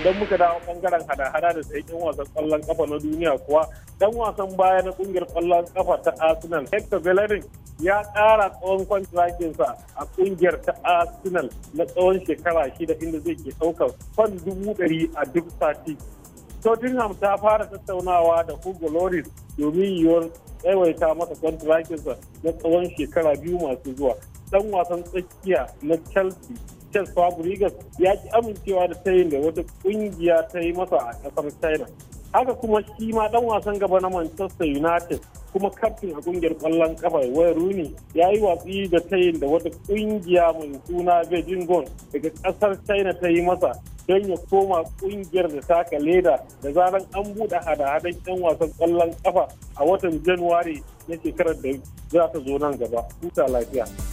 idan muka dawo bangaren hada-hada da yan wasan kwallon kafa na duniya kuwa dan wasan baya na kungiyar kwallon kafa ta arsenal hector bellerin ya kara tsawon kwantrakinsa a kungiyar ta arsenal na tsawon shekara shida inda zai ke ɗaukar fan dubu dari a duk sati tottenham ta fara tattaunawa da hugo loris domin yiwuwar tsawaita masa kwantrakinsa na tsawon shekara biyu masu zuwa dan wasan tsakiya na chelsea Chess Fabregas ya ki amincewa da tayin da wata kungiya ta yi masa a kasar China. Haka kuma shi ma dan wasan gaba na Manchester United kuma kaftin a kungiyar kwallon kafa wayar Rooney ya yi watsi da tayin da wata kungiya mai suna Beijing Gong daga kasar China ta yi masa don ya koma kungiyar da taka leda da zaran an buɗe hada-hadan 'yan wasan kwallon kafa a watan Januwari na shekarar da za ta zo nan gaba. Huta lafiya.